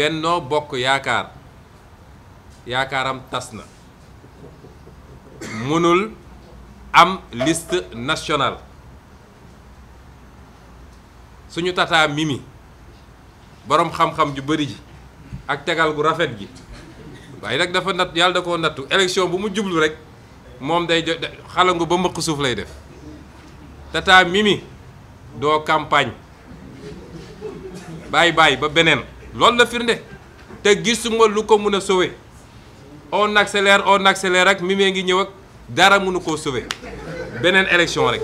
Beno bokk Yakar, Yakaram Tasna, Munul, am liste nationale suñu tata mimi borom xam-xam ju beuri ji ak tegal gu rafet gi waaye rek dafa nat yalla da koo nattu bu mu jublu rek Mom day xalangu ba mëq suuf lay def tata mimi Doa campagne Bye Bye, ba Benen. loolu la firnde te gisuma lu ko mun a sauver on accélère on accélère ak mi mee ngi ñëw ak dara mënu koo sauver beneen élection rek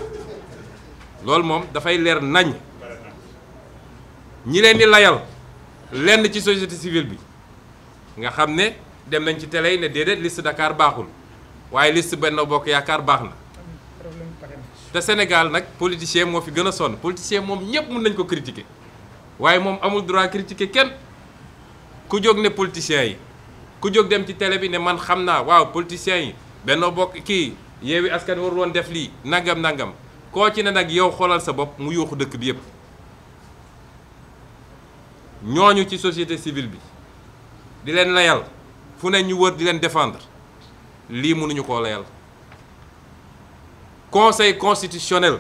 loolu moom dafay leer nañ ñi leen di layal lenn ci société civile bi nga xam ne dem nañ ci télé yi ne déedéet liste Dakar baaxul waaye liste benn Bokk Yaakaar baax na te Sénégal nag politicien moo fi gën a sonn politicien moom ñëpp mun nañ ko critiquer waaye moom amul droit critiquer kenn ku jóg ne politiciens yi ku jóg dem ci télé bi ne man xam naa waaw politiciens yi Benno Bokk kii Yewwi Askan waruloon def lii nangam nangam koo ci ne nag yow xoolal sa bopp mu yuuxu dëkk bi yépp ñooñu ci société civile bi di leen layal fu ne ñu wër di leen defendre lii mënuñu koo layal conseil constitutionnel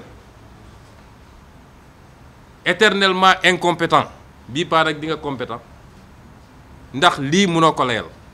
éternellement incompétent Bi paa que di nga compétent ndax li mënoko layal